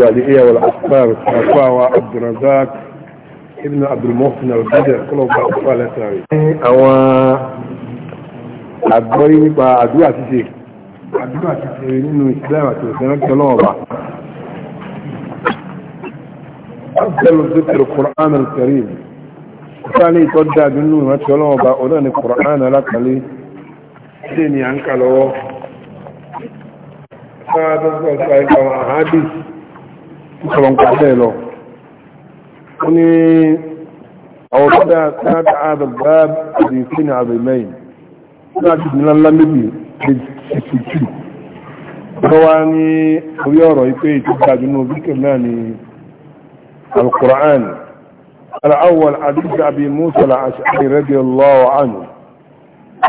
السؤالية والأسفار الصحفاوة عبد الرزاق ابن عبد المحسن البدر كله بأسفار التاريخ أو àgbọ́rí nípa àdúrà ṣíṣe àdúrà ṣíṣe nínú islam àti òṣèrànkẹ́ lọ́ọ̀bà afẹ́lú zikir ƙùrán al-karim sáàlì ìtọ́jà nínú ìrántí ọlọ́ọ̀bà ọ̀nà ni ƙùrán alákàlẹ̀ ṣe ni à ń kà lọ́wọ́ sáàdọ́gbọ̀n sáà sọ̀rọ̀ nǹkan bẹ́ẹ̀ lọ ó ní àwọ̀dọ́dá sáàtà àbàbà àdìsí ní àbẹ̀mẹ́yìn láti nílá ńlá méjì lẹ́jì lọ́wọ́ ní orí ọ̀rọ̀ ipé ìtìgbàjú ní obìnkẹ̀ náà ni alkùrán al'awwal àdìsí àbí musa al-ash'ari radiyallahu anhu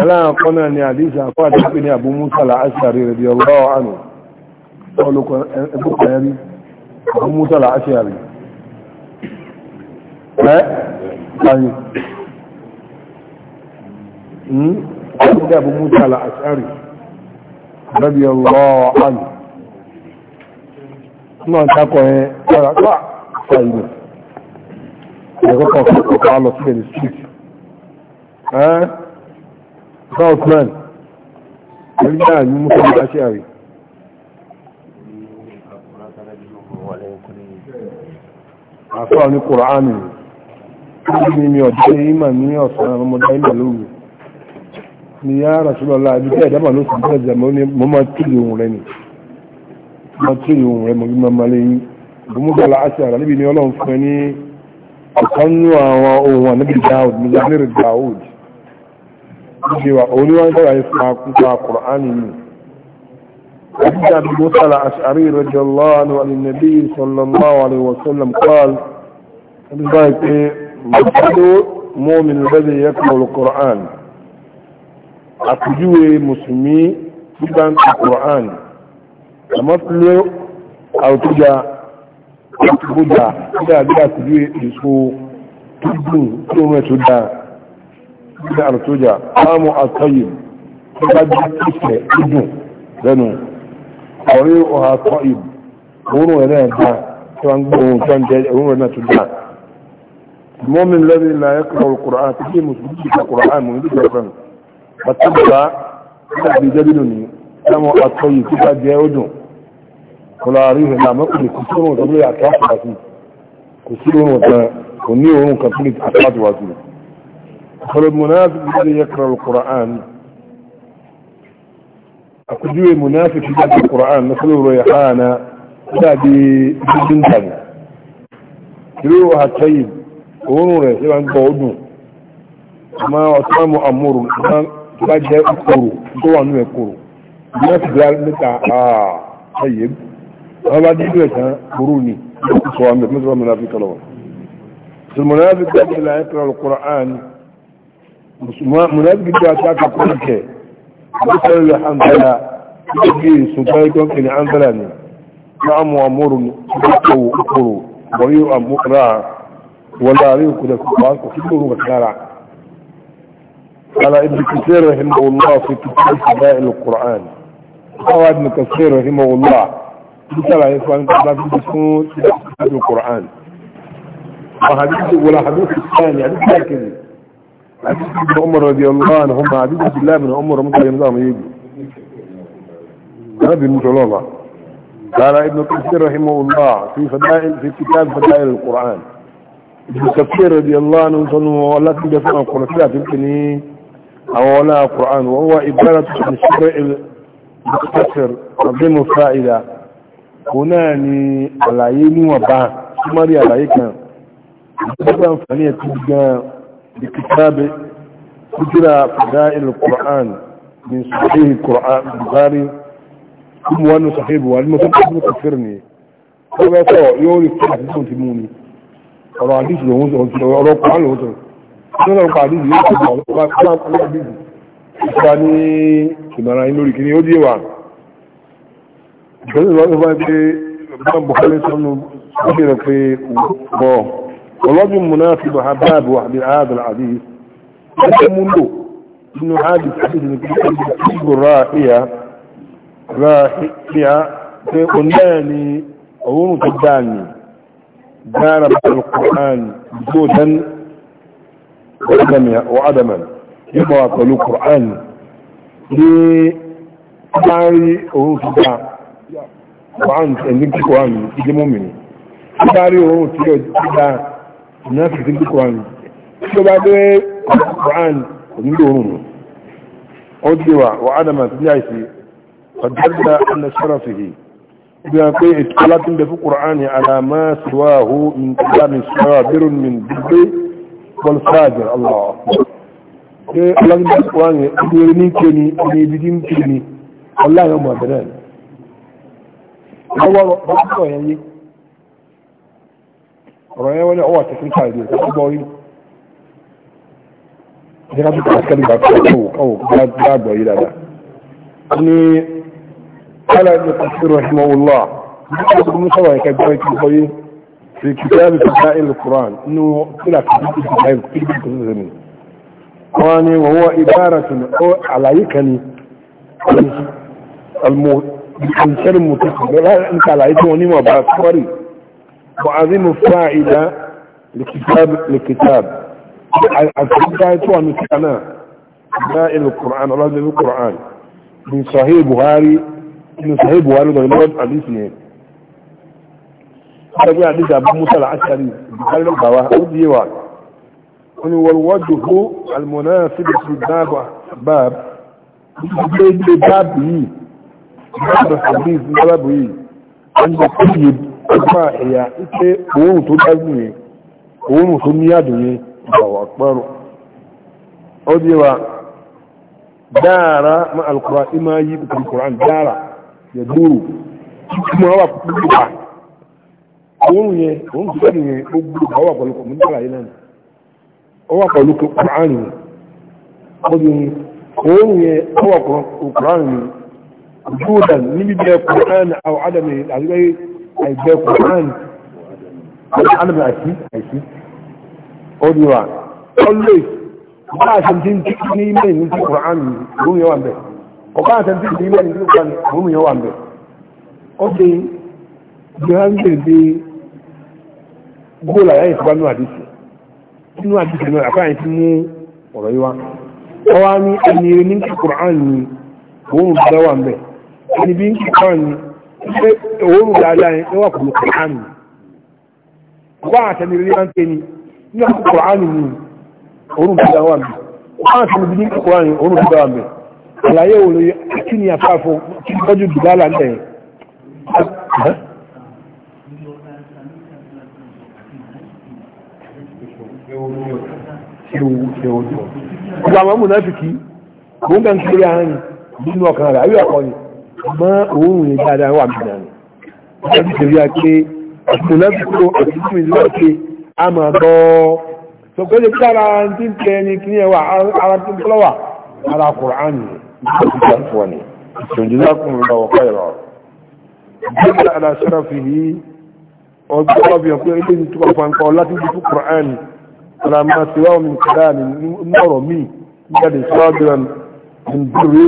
aláàkọ́ náà ni àdìsí àkọ́ àdìsí ní àbú musa al-ash'ari radiyallahu anhu ọlọ́kọ̀ ẹgbẹ́ àwọn mú tọ́lá aṣe àrí ẹ́ ayé ọdún dẹ̀ bú mú tọ́lá aṣe àrí rẹ́bí ọlọ́ àmì náà takọ̀ ẹ ọ̀rọ̀ àpá ṣàìmọ̀ ẹ̀kọ́kọ̀ ọ̀pá lọ sí ẹ̀lẹ̀ street ẹ́ southman ẹ̀rí náà ní mú tọ́lá àfáà ní kùránì ní mi ọ̀dọ́ ní ìmọ̀ ní ọ̀sán ọmọdé ìmọ̀ lóru ni yá rasulọ́lá ibi tẹ́ ìdámà ló sì bẹ́ẹ̀ jẹ́ mọ́ máa túlì ohun rẹ ni máa túlì ohun rẹ mọ́ bí máa lè yí ní ọ̀kan nú àwọn rẹ̀ ni حديث أبي موسى الأشعري رضي الله عنه عن النبي صلى الله عليه وسلم قال مثل مؤمن الذي يقرأ القرآن أكجوه مسلمي جدا القرآن مثل أو تجا أكبدا تجا جا أكجوه يسو تجو تومة تجا تجا أرتجا قاموا الطيب تجا جا تجا تجو طريقها طيب غرور لا يدعى غرور لا تدعى المؤمن الذي لا يقرأ القرآن تجي مسجد القرآن من ذكر القرآن فتبقى تبقى جبلني كما أطيب تبقى جاوده قل أريه لا مقل كسر وتبقى أطراف واسم كسر وتنيه كسر أطراف واسم فالمنافق الذي يقرأ القرآن àkójúwe munafiki láti Qur'an na sọ́lọ́ rọ̀ yàhánà dàbí dídín tàbí ìrú àtẹ́yìn òórùn rẹ̀ sí wọn gbọ́ ọdún ma ọ̀tọ́ mu àmúrù bá jẹ́ kòrò tó wà nínú ẹ̀ kòrò munafiki láti níta ààyè wọ́n bá dídú ẹ̀ tán burú ni sọ wa mẹ́fẹ́ sọ munafiki lọ́wọ́ munafiki láti nílá ẹ̀kọ́ Qur'an munafiki láti nílá ẹ̀kọ́ مثل الحنبلاء يجي سجايكم إلى حنبلاني نعم وأمر تبقوا أخروا وليو أم مقرع ولا ريو كده كبار وكبروا مكارع على ابن كثير رحمه الله في كتاب فضائل القرآن قال ابن كثير رحمه الله مثل عيسوان كتاب بسكون القرآن وحديث ولا حديث الثاني حديث لكن عبد بن عمر رضي الله عنه عنهما عبد الله بن عمر رمضان ينظام يجي هذه المتلوبة قال ابن كثير رحمه الله في فدائل في كتاب فدائل القرآن ابن كثير رضي الله عنه صلى الله عليه وسلم القرآن لا تبتني أو ولا القرآن وهو إبارة عن الشرع المختصر عظيم الفائدة هناني على يمين وبعض ثم على يكن هذا فنية تبقى بكتاب أجرى فدائل القرآن من صحيح القرآن البخاري ثم وأنه صحيح والمسلم كفرني ọba ẹ̀kọ́ yóò rí fún àtìsùn ti mú ni ọ̀rọ̀ àdìsù lòun sọ ọ̀rọ̀ kan lòun sọ ọ̀rọ̀ kan àdìsù yóò sọ ọ̀rọ̀ kan lòun àdìsù ìfúra ní ìmọ̀ràn inú rí kiri ó díẹ̀ wà ìgbẹ́sẹ̀ lọ́wọ́ bá ń pé bá ń bọ̀ kálẹ̀ sọ́nù ó bèèrè pé bọ̀ ورجل مناسب حباب واحد هذا الحديث منذ انه هذا الحديث يجب الراحية راحية في قلاني أو تداني دار القرآن جودا وعدما وعدما يبقى القرآن لي تداري أون وعن تداني القرآن إذا مؤمني تداري أو تداني ìnáfíìsì ní kùrán tí ó bá gbé kùrán onílò òun ó ti wà wà ádàmà sí àìsí ọ̀dọ́dà ẹnà ṣọ́rọ̀fìhì bí wọ́n pé ètò aláàtún bẹ fún kùrán ni alamá síwá hó ní kùrán ní sọ́rọ̀ bírùn ní gbígbé bọ́lsáàjì allah ṣe aláàtún bẹ fún kùrán ni ọdún ní ké ni ọdún ibi tí ń kiri ni ọlá ọ̀rọ̀ yẹn wọlé ọwọ́ tẹkíníkà ìdí ẹ̀ka gbọ́ yìí ẹ̀ka tó kọ́ akẹ́lẹ́ gbà tó kọ́ kọ́ gbà gbọ́ yìí dáadáa. ní kálá ibn Kathir rahimahullah nígbà tó mú sọ̀rọ̀ ẹ̀ka gbọ́ yìí gbọ́ yìí fi kìtàbí fadail Qur'an nínú kílà kìtàbí fadail kílà kìtàbí zẹmi. wọ́n ní wọ́n wọ́ ibaratun ó àlàyé kan ní almu almu tẹ̀sán lọ́la nípa àlàyé tí wọ́n ní mọ̀ bá sọ́rí. وعظيم فائدة لكتاب لكتاب الكتاب هو مثلنا دائل القرآن رجل القرآن من صحيح بخاري من صحيح بخاري ده يقول حديثين هذا حديث أبو موسى العسكري بخاري البواه ودي واحد والوجه المناسب في الباب باب باب باب باب الحديث باب باب أن يطيب ọgbà ẹ̀yà ike òórùn tó dájú yẹn òórùn tó ní àdùn yẹn ìgbàwà pẹ́rù ó dí wa dára ma alkùnrin ima yí kùkùnrin dára yẹ dúró kuma wà púpù wà òórùn yẹn òórùn tó dájú yẹn ó gbúrú wà wà pẹ̀lú kọ̀mú dára yìí náà ó wà àìgbẹ́ kùrán alìbà àti àìsí ọdíwà always bá àṣẹ́ntí tí ní ilẹ̀ ní ti kùrán gúnmíyàwà mẹ́ ọ̀ká àṣẹ́ntí ní ilẹ̀ ní kùrán gúnmíyàwà mẹ́ ó dé johannes dé góòlà yáyìn tó bá ní àdíṣẹ́ nínú àdíṣẹ́ náà àkáyìn tí mú ọ̀rọ̀ pé òórùn dáadáa yẹn wà pẹ̀lú kùránù wà àtẹni rí máa ń pè ní ní ọkọ̀ ni òórùn dáadáa wà mí wà àtẹni bí ní kùránù òórùn dáadáa wà mí àlàyé wo lè kí ni àfáàfọ kí ni tọ́jú dùdálà ń tẹ̀yìn. Ìgbà àwọn mùnàfìkì, òun kàn kiri àárín nínú ọkàn rẹ̀, àríwá kan mọ́ òun yẹn dáadáa wà mí dànù láti ṣe rí a pé àtúnlẹ́kọ̀ọ́ àtúntò ìlú pé a máa bọ́ sọ̀kọ́ lè kí ara tí ń tẹ ẹni kí ẹwà ara tí ń tọ́lọ́wà ara kùrán ni ìjọba ìfọ̀ ni ìṣòjìlákùn lọ́wọ́ kọ́yọ̀rọ̀ ìjọba aláṣẹ́rọ̀ fi yí ọjọ́ ọbí ọ̀pẹ́ ilé ní túbọ̀ fọ́nkọ́ ní ọ̀rọ̀ míì nígbàdì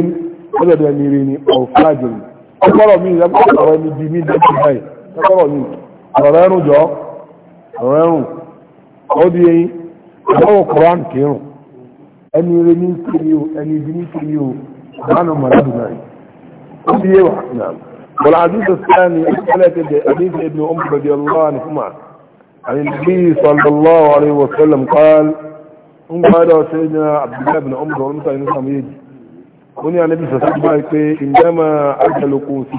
ọlọ́dọ̀ ẹni rí ni ọ̀fáàjòrì ọkọ̀rọ̀ mi ìrẹ́pọ̀lọ́wọ́ ẹni bí mi dájú báyìí ọkọ̀rọ̀ mi ọ̀rọ̀ ẹrùn jọ ọ̀rọ̀ ẹrùn ó di eyín ọlọ́wọ́ koran kírun ẹni rí ní kiri o ẹni bí ní kiri o àbánu mọ̀lẹ́dùnà rẹ̀ ó di ewa náà bọ̀lá àdúgbò sáni ẹlẹ́tẹ̀dẹ̀ àdúgbò ẹbí ọmọ bẹ̀bí ọlọ́wọ́ ni fún ma umm, ó ní ànábì sọ̀tà bá pé ìdámà ajalukum fi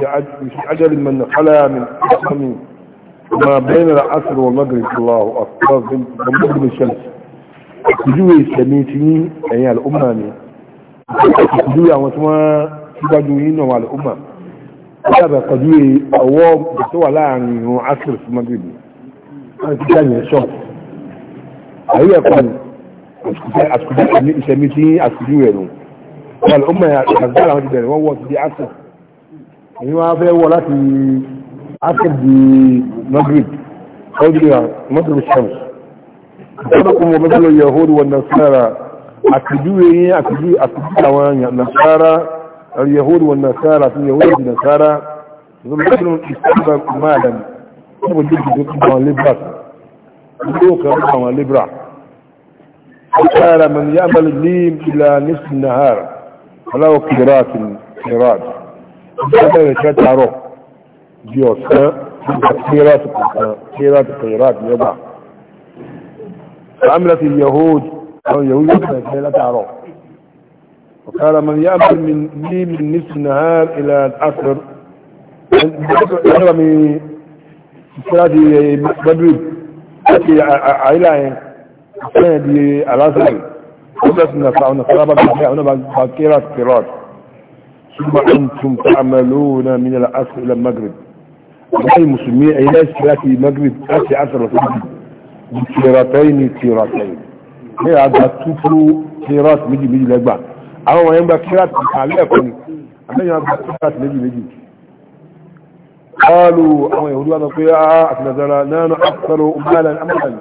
ajalin man khala min isami ma bayna al-asr wal maghrib Allahu akbar bin bin shams kujuwe islami ti yin ẹ̀yin al'umma ne kujuwe àwọn tí wọ́n síwájú yin náà al'umma lábẹ́ kujuwe ọwọ́ tó wà láàrin ìrun asr sí maghrib wọ́n ti dáyẹ̀ ṣọ́ọ̀tì àyíyẹ̀ kan àsìkò ìṣẹ̀mí tí àsìkò ìrun والأمة يحزلها جدا وهو في عصر يعني ما في ولا في عصر دي مغرب أو دي مغرب الشمس صدقوا مثل اليهود والنصارى أكدوه إيه؟ أكدوه أكدوه النصارى اليهود والنصارى في اليهود والنصارى ثم يقولون استقبل مالا ثم يجب أن يكون لبرا يقولون لبرا قال من يعمل لي إلى نصف النهار aláwọ̀ kìrìtì Kirat, ọgbẹ́rẹ̀ Kirat, tààrọ̀ di ọ̀sán nígbà kìrìtì kìrìtì kìrìtì kìrìtì yọba àmìlẹ̀ ti yahood àwọn yahood yóò fẹ́ fẹ́ látàárọ̀ وقال من يأكل من لي من نصف النهار إلى العصر أنا من صلاة مغرب أتي عائلة أتي العصر وقف نفع ونصراب البحياء ونبكيرات كيرات ثم أنتم تعملون من العصر إلى المغرب وحي المسلمين أي لا في المغرب أسي عصر وفيدي بكيراتين كيراتين هي عدد تفرو كيرات مجي مجي لأجبع أما ما ينبع كيرات بحالية كوني أما ينبع كيرات مجي مجي قالوا أما يهدوا هذا القياء أتنزل آه، آه، نانو أكثر أمالا أمالا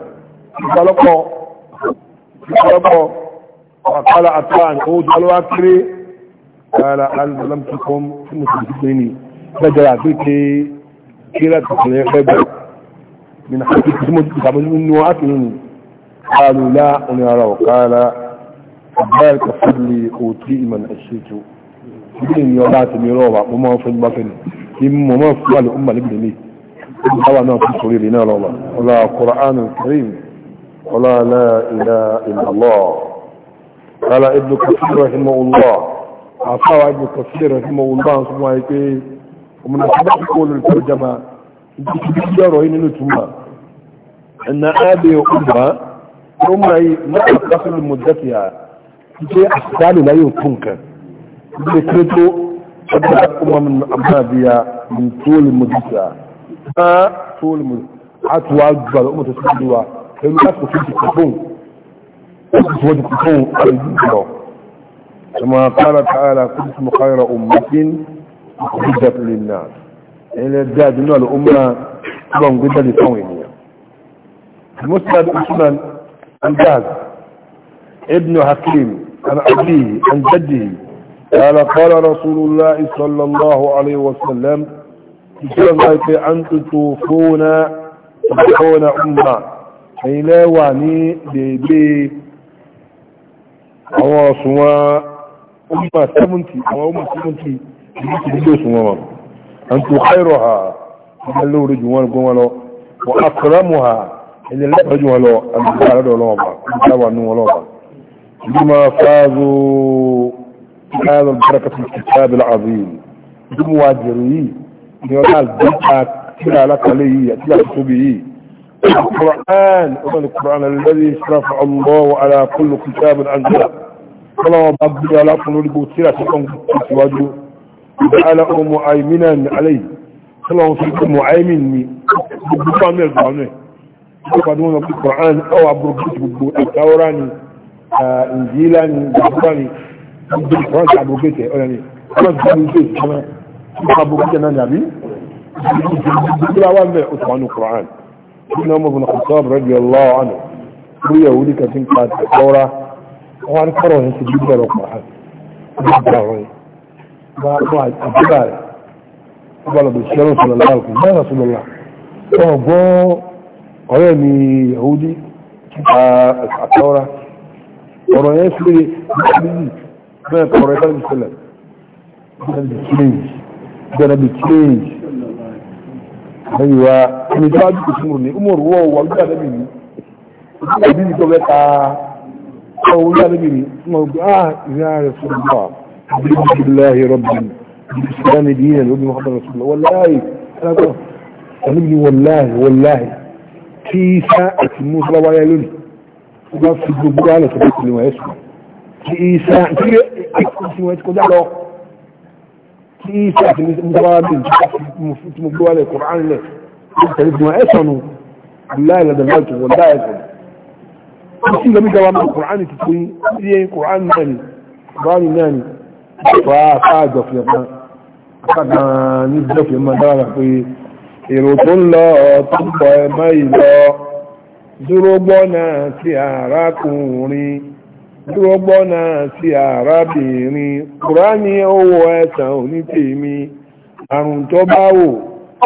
قالوا قو قالوا وقال عطان قود الواكري قال هل لم تكن مسلمين فجرى بك كلا تخلي خبر من حق تسمد منه أكلني قالوا لا أنرى وقال ذلك فضلي أوتي من أشيت بدين يولات ميروبا وما في المفل إما ما في الأمة لابنني هو أنا في صغيرنا لولا ولا قرآن الكريم ولا لا إله إلا الله قال ابن كثير رحمه الله عصاوى ابن كثير رحمه الله ثم يقول ومن أصبح يقول الترجمة يجروا هنا نتما أن أبي وأمها أمعي ما أتصل مدتها تجي أحسان لا يتنك ذكرته أبدا من أمها من طول مدتها ما طول مدتها أتوى أكبر أمة تسجدها كانوا أفضل في كما قال تعالى اسم خير أمة أخرجت للناس يعني الداد من الأمة طبعا قد لصوينية المسند أسمن عن جاز ابن حكيم عن أبيه عن جده قال قال رسول الله صلى الله عليه وسلم يقول الله أن تتوفون تتوفون أمة إلى يعني واني بيبي àwọn ọ̀sùnwọ̀n ọmọ 70 àwọn ọmọ 70 ìlú ti dídé òsùnwọ̀n wọn an tó kẹ́rọ ha ilẹ̀ lórí jù wọn gún wọn lọ wọ́n akọ̀rọ̀mù ha ilẹ̀ lẹ́pẹ̀ jù wọn lọ àgbà àrẹ́dọ̀ ọlọ́ọ̀bà ìjáwà nú ọlọ́ọ̀bà ìlú máa fáàzó káàzọ bẹ́rẹ̀kẹ́tì kìtàbí láàzín ìlú wa jẹ̀rù yìí ni ọlá àgbẹ̀ta kíra alákàlẹ̀ yìí àti àtútóbi yìí القرآن ومن القرآن الذي شرف الله على كل كتاب أنزله kọlọ́wọ́ bá bí alákùnrin olùgbò tíra tí kan síwájú ìdá alákùnrin mọ̀ àìmínà ní alẹ́ yìí kọlọ́wọ́ fi kọ́ mọ̀ àìmín ní gbogbo fámìlì gbàmẹ́ ó pàdé wọn bí kọ̀ọ̀án ọwọ́ àbúrò gbogbo àtàwọ́rá ni ìjìlá ni gbàgbọ́ ni gbogbo kọ̀ọ̀án ti àbúrò gbèsè ọ̀rẹ́ ni wọ́n á kọ́rọ̀ yẹn ti gbígbà lọ pàá gbígbà ọ̀rọ̀ yẹn bá wà àdúgbà rẹ̀ ó bá lọ́dọ̀ sí ọlọ́sùn lọ́la àlùkùn bá rà sọ́lọ́la wọ́n gbọ́ ọ̀rẹ́ mi yahudi àtọ́ra ọ̀rọ̀ yẹn fi lè bẹ́ẹ̀ kọ̀rọ̀ ẹ̀kọ́ ìbí sílẹ̀ bẹ́ẹ̀ bí change bẹ́ẹ̀ bí change قول النبي موضع يا رسول الله بسم الله ربي بالإسلام دينا وابن محمد رسول الله والله أنا أقول ابني والله والله في ساعة موسى الله يلوني الله في الجبور على سبيل اللي ما يسمع في ساعة في اسمه يتكون دعوه في ساعة مضرابين مفتمقوا على القرآن لك انت لابن ما يسمع والله لدى الملك والله يسمع sí lómi gaba mọ́ kùránì tuntun yíyẹ kùránì náà ni kùránì náà ni fa afá jọfẹ̀ mọ́ afá ní jọfẹ̀ mọ́ dára pé èrò tó ń lọ tó ń bọ̀ ẹ̀mọ́ ìlọ dúró gbọ́nà sí arákùnrin dúró gbọ́nà sí arábìnrin kùránì owó ẹ̀sán onítèmi àrùn tó bá wò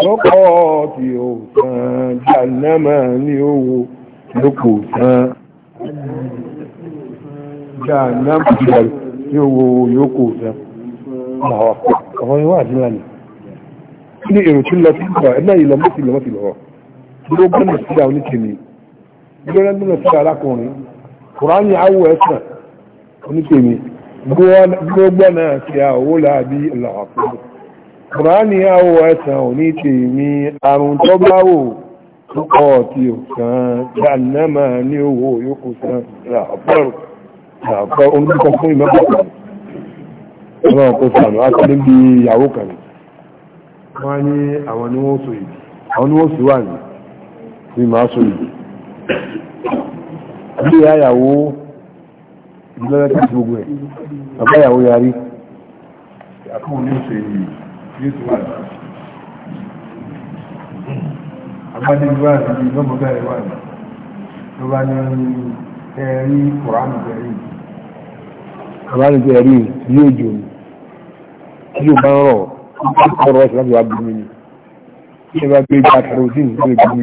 lọ́kọ̀ọ́ tí ó tán jàǹdàmà ní owó lókò tán jahannam jihar yóò wo yóò fẹ́ àwọn àwọn ìwà àti ìlànà kí ni èrò tí ń lọ sí ìgbà ẹ̀lẹ́ ìlọmọ́sí ìlọmọ́sí lọ́wọ́ bí ó gbọ́nà sí àwọn oníkèmí gbọ́nà gbọ́nà sí arákùnrin kùránì awọ ẹ̀sán oníkèmí gbọ́nà sí àwọ́ làbí ìlàwọ̀ kùránì awọ ẹ̀sán oníkèmí àrùn tọ́gbáwò tukọ̀ọ̀tí òsàn jànàmà ní owó yóò sàn ràpọ̀ oníkọ̀ fún ìmọ́pọ̀ ọ̀rọ̀ kò sànà á kọ́lé bí ìyàwó kan wọ́n ní àwọn ni wọ́n sọ ìdí àwọn ni wọ́n sì wà ní ní máa sọ ìdí bí àyàwó ìlọ́lẹ́ tí gbogbo ẹ̀ bàbá yarí àkọ́wọ́ àbádìgbà àti ìgbọ́mọ̀gá ìwà rẹ̀ ló bá ní ẹ̀rí kòránù bẹ̀rí kòránù bẹ̀rí ní òjò kí ló bá ń rọ̀ ọ̀rọ̀ ọ̀sán láti wá gbómi ni kí ẹ bá gbé ìgbà kerosene ló kí ẹ bá ti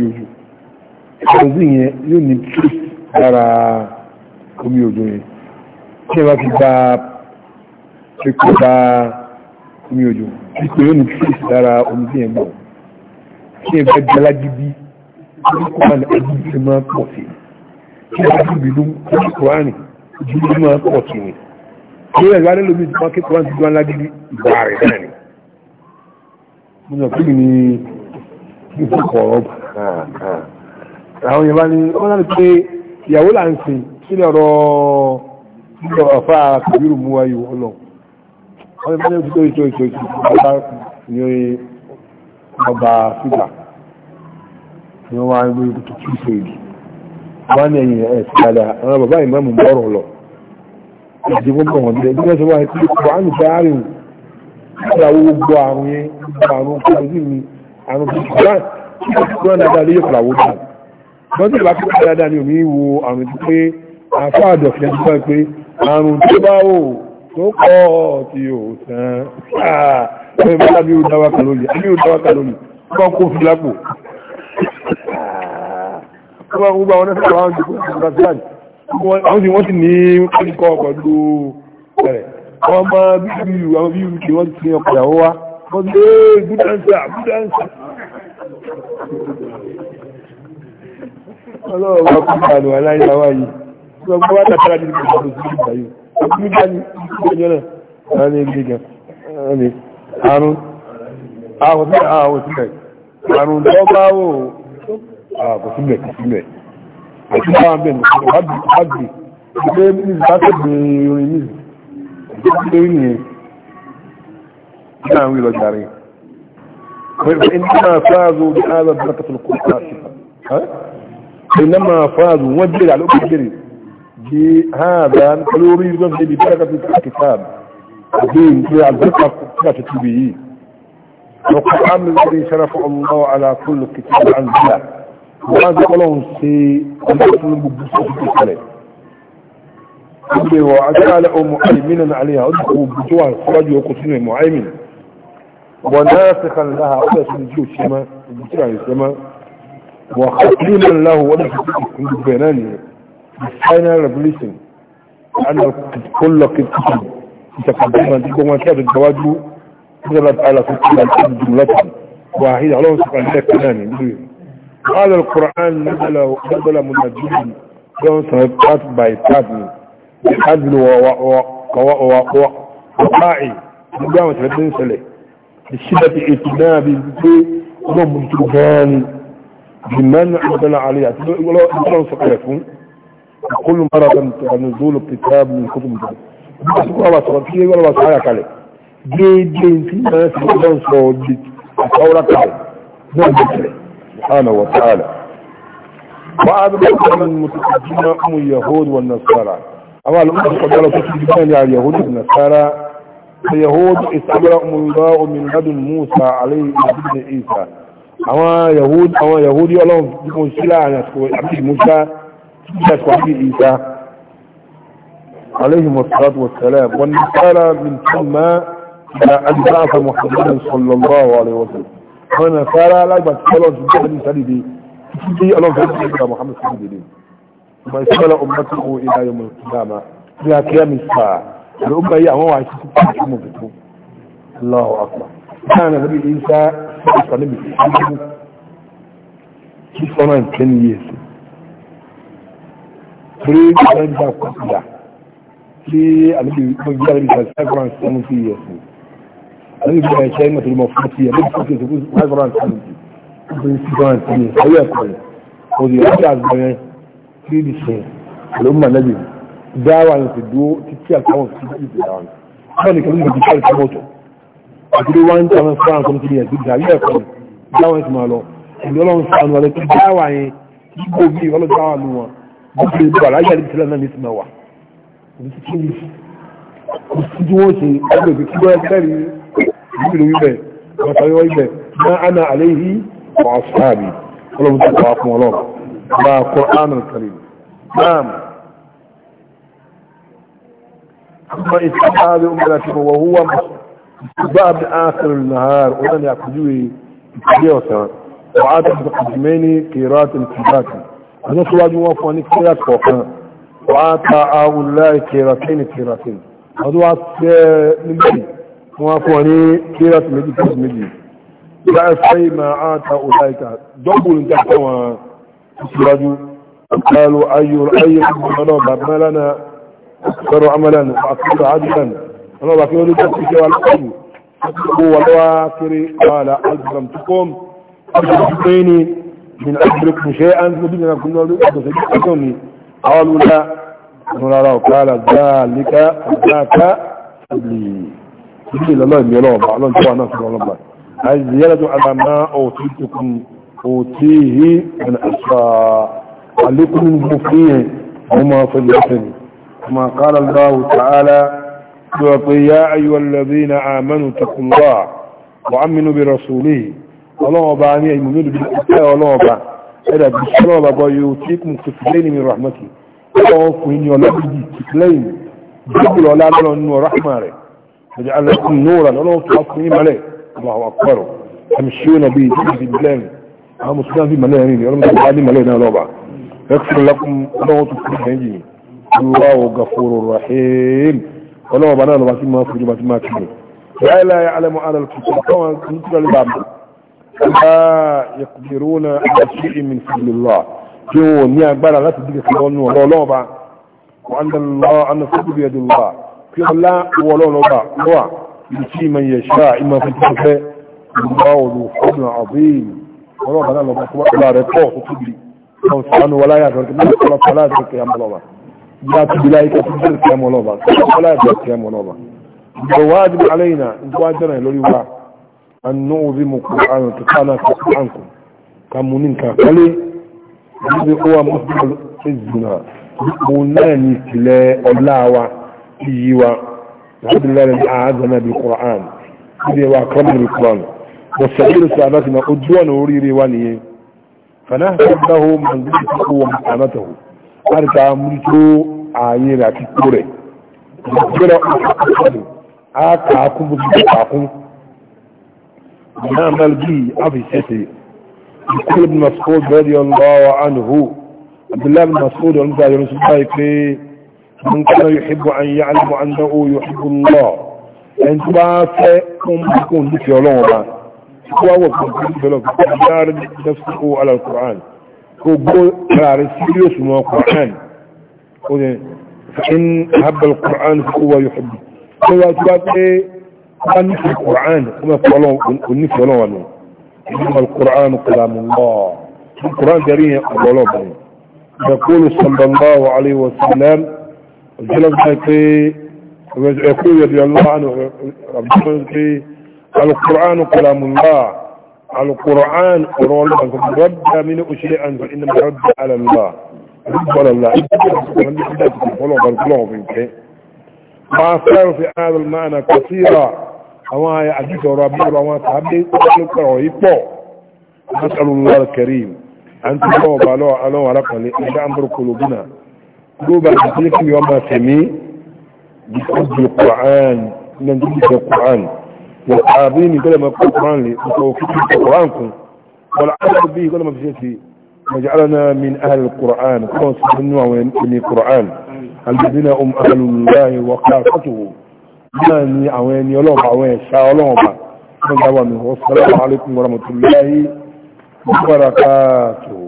gba pípé bá omi òjò pípé yóò ní trace lára omi tí yẹn tí ìbá jẹ́lá gidi orúkọ àná ẹbí ti máa pọ̀ sí kí ìbá gidi ló ń kọ́ àní ojú ló máa pọ̀ sí ni kí ìbá rẹ̀ lómi ti máa kí kọ́ àti jọ ńlá gidi ìgbà rẹ̀ náà ni mo nà kúrò ní ìfọkọ̀ ọ̀rọ̀ àwọn yẹn bá ní wọ́n láti pé ìyàwó là ń sin sílẹ̀ ọ̀rọ̀ nílò ọ̀fà kàbírù mú wáyé ọlọ́ wọ́n yẹn bá ní ìtòkè ìtòkè ọba fígbà ni wọ́n wá ń lórí tó tún ṣe èdè wọ́n ní ẹ̀yìn ẹ̀ sí padà àwọn bàbá ìmọ̀mù bọ́rọ̀ lọ ìdí gbogbo wọn dé bí wọ́n ṣe wá ń pè kó àrùn bá rìn nígbà owó gbọ́ àrùn yẹn tó bá wò tó kọ́ ọ̀ tí ò tán ẹ̀ bọ́lá mi ò dáwà kà lónìí àmì ò dáwà kà lónìí kọ́ kó fi lápò ọba gbogbo àwọn ẹ̀fẹ́ àwọn ìdìbò ìgbàsíwájú àwọn tí wọ́n ti ní kíkọ́ pẹ̀lú rẹ̀ wọ́n máa bí i àwọn bí i tí wọ́n ti ọkọ̀ ìyàwó wa wọ́n ti lé gúdánsà gúdánsà ọlọ́run wa kú ìgbàlù aláìláwá yìí gbogbo wa tàbí àdìbò ìgbàlù sí ìgbà yìí àrùn àwòsílẹ̀ àrùn tó bá wò àwòsílẹ̀ sílẹ̀ àti báwọn bẹ̀rẹ̀ wájú pé níbi bá tẹ̀lé orin níbi tó ń yẹn ní àwọn ìlọ́jà rẹ̀ إنما فازوا بهذا البركة القاسفة إنما فازوا وجل على أكبر بهذا القلوري ببركة الكتاب الدين في البركة كتبه وقام الذي شرف الله على كل كتاب عن أنزله وهذا قولهم سي ونحن في الكلام وجعل مؤمنا عليها ادخلوا بجوع الخراج وقتل المؤمن وناسخا لها أدس الجو الشماء بجوع السماء وخطيما له ونحن بينانه بالفاينل ريفوليشن أن كل كتاب تقدم عندكم وكاد الجواجه ضرب على فتنة الأرض جملة واحدة على وصف عندها كلام قال القرآن نزل نزل منجم يوم سنقات بايتاتني بحبل وقاعي مجاوة عدن سلي بشدة اتناب بكي ونوم بجوغان بمن عدل عليها ولو سقيفون كل مرة نزول الكتاب من كتب الله سبحانه وتعالى ولا سبحانه وتعالى déédéé tí máa fi ọjọ́ sọ ọdí àkọ́wọ́láta rẹ̀ náà bẹ̀rẹ̀ sùhánà wà sáàlà wọ́n á bẹ̀rẹ̀ sọ́nà mùsùlùmí jímọ̀ ọmọ yahood wà nasara àwọn alùpùpù kọjá lọ sókè jímọ̀ ní yahood wà nasara yahood ìsàbẹ̀rẹ̀ ọmọlúwà omi ladùn musa alayhi ibn isa àwọn yahood àwọn yahood ọlọ́run tí mo sí láàrin àsìkò àbí musa tí àsìkò àbí isa alayhi wa salatu wa salam wọn nasara min tuma أن بعث محمد صلى الله عليه وسلم وانا سارا لك يبقى تسألون جدا سليدي دي تسألي ألون سالي محمد صلى الله عليه وسلم ثم يسأل أمته إلى يوم القيامة إلى قيام الساعة الأمة هي أمام عايشة تسألون بتو الله أكبر كان نبي عيسى صلى الله عليه وسلم في سنة كنيسة تريد أن يكون قبلة في النبي صلى الله عليه وسلم في يسوع àbí ìgbà ẹ̀ṣẹ́ ìmọ̀tòlù mọ̀ fún ti ẹ̀ lórí fún kìí five hundred and seventy fún six hundred and twenty ayé ẹ̀kọ́ rẹ̀ òdì ìrọ̀lẹ́ àgbẹ̀rẹ̀ tí ìdí ṣe ló mọ̀ lẹ́bi dáwà ní ìdúró títí àtàwọn tí ìdí ìdí dáwà ní. báwọn nìkan ló ti kárí tó mọ̀tò àdúró wá ń dáwọn fún àwọn tó ti yẹ gbígbà ayé ẹ̀kọ́ rẹ̀ dáwà ti máa lọ ìdí ọlọ́run sànù alẹ́ tó dáwà yẹn kíkó bí ọlọ́dáwà lu wọn bó ti bọ̀ láyé àdìsílẹ̀ náà ní ti máa wà. kò sí tí wọ́n ṣe ẹgbẹ́ ìgbẹ́ kí wọ́n ẹgbẹ́ rí ما أنا عليه وأصحابي اللهم تقعكم ولوك ما قرآن الكريم نعم ثم إتقى هذه أمي لكم وهو بعد آخر النهار ولن يأخذوه يتقليه وسهر وعاد بقجميني كيرات انتباك هذا سواج موافواني كيرات فوقها وعاد آه الله كيراتين كيراتين هذا وعاد نبيه wọ́n fún ọ ní kíras méjì kíras méjì bá a sáyé máa á ta òdá ìta dọ́gbùn ní kàkọ́ wọn síwájú قالوا أي أي ربنا بابنا لنا أكثر عملا وأكثر عدلا أنا بقول لك في والقلب هو الواكر قال أجرمتكم أجرمتيني من أجركم شيئا مدينة كنا نقول قالوا لا قال ذلك ذاك فضلي يقول الله يلوه بقى الله جوا ناس الله الزيادة على ما أوتيتكم أوتيه من أسفاء عليكم المفيه وما صدقني كما قال الله تعالى يا أيها الذين آمنوا اتقوا الله وأمنوا برسوله الله بعني المؤمن بالإسلام والله بعني إذا بسرعة بيوتيكم كفلين من رحمته الله فهني ولا بدي كفلين جبل ولا لأنه رحمة عليه يجعل لكم نورا ولو تعطوا ملك الله أكبر تمشون به في البلان ها مسلم في ملايين يقولون تعالي ملايين ربع يغفر لكم ولو تفكرين الله غفور رحيم ولو بنا لو ما في جبات ما كني لا يعلم على الكتاب كما كنت لباب لا يقدرون على شيء من فضل الله جو ني اغبار لا تدرك لون ولو لو با وان الله ان فضل بيد الله kí ọlá wọlọ́lọ́gbà wà ìtí ma yẹ ṣáà ìmọ̀ fi tó fẹ́ ìgbà olù fọ́nà àbíyìn ọlọ́gbà náà lọ́gbà tó wà rẹ̀ pọ̀ tó tóbi kan sánú wọlá yàtọ̀ rẹ̀ ní ọlọ́pàá láti rẹ̀ kẹyàmọ́ lọ́ba ìyá tóbi láyé kẹ́ fún bẹ́ẹ̀ kẹyàmọ́ lọ́ba ọlá yàtọ̀ kẹyàmọ́ lọ́ba ìgbà wájú alẹ́yìnà ìgbà jẹ́rẹ̀ lórí wa يوا الحمد لله الذي أعاذنا بالقرآن الذي وأكرمنا بالقرآن والسبيل سعادتنا أدوان وريري وانيه فنهتم له منزلته ومكانته أرجع ملته عايرة كتورة مكتورة أكاكم بذكاكم نعمل به أبي سيسي يقول ابن مسعود رضي الله عنه عبد الله بن مسعود ومزاج رسول الله من كان يحب أن يعلم أنه يحب الله أن ما سيكون يكون في يولوما هو وقت بلوك دار نفسه على القرآن كبول رار سيريوس من القرآن إيه؟ فإن هب القرآن فهو يحب هو تبعث إيه؟ أن في القرآن كما قلنا في إنما القرآن كلام الله القرآن جريه أبو يقول صلى الله عليه وسلم يقول رضي الله عنه القرآن كلام الله القرآن قرآن رد من أشياء فإنما رد على الله رد على الله ما صار في هذا المعنى كثيرا أما يعجيك ربي وما صحبي أسأل الله الكريم أن تقوم بألوه ألوه ورقة لأن أمر قلوبنا gbogbo àti kí wọ́n máa tẹ̀mí ìfọ́jú Qur'an náà tó dìkọ̀ Qur'an wọ́n tàbí ní kọ́lẹ̀ máa kọ́ Qur'an lè sọ fífi Qur'an kún wọ́n láti bí kọ́lẹ̀ máa fi ṣe ti وجعلنا من أهل القرآن كما سبحانه من القرآن الذين هم أهل الله وقافته من أوين يلوم أوين شاء لهم من دوامه والسلام عليكم ورحمة الله وبركاته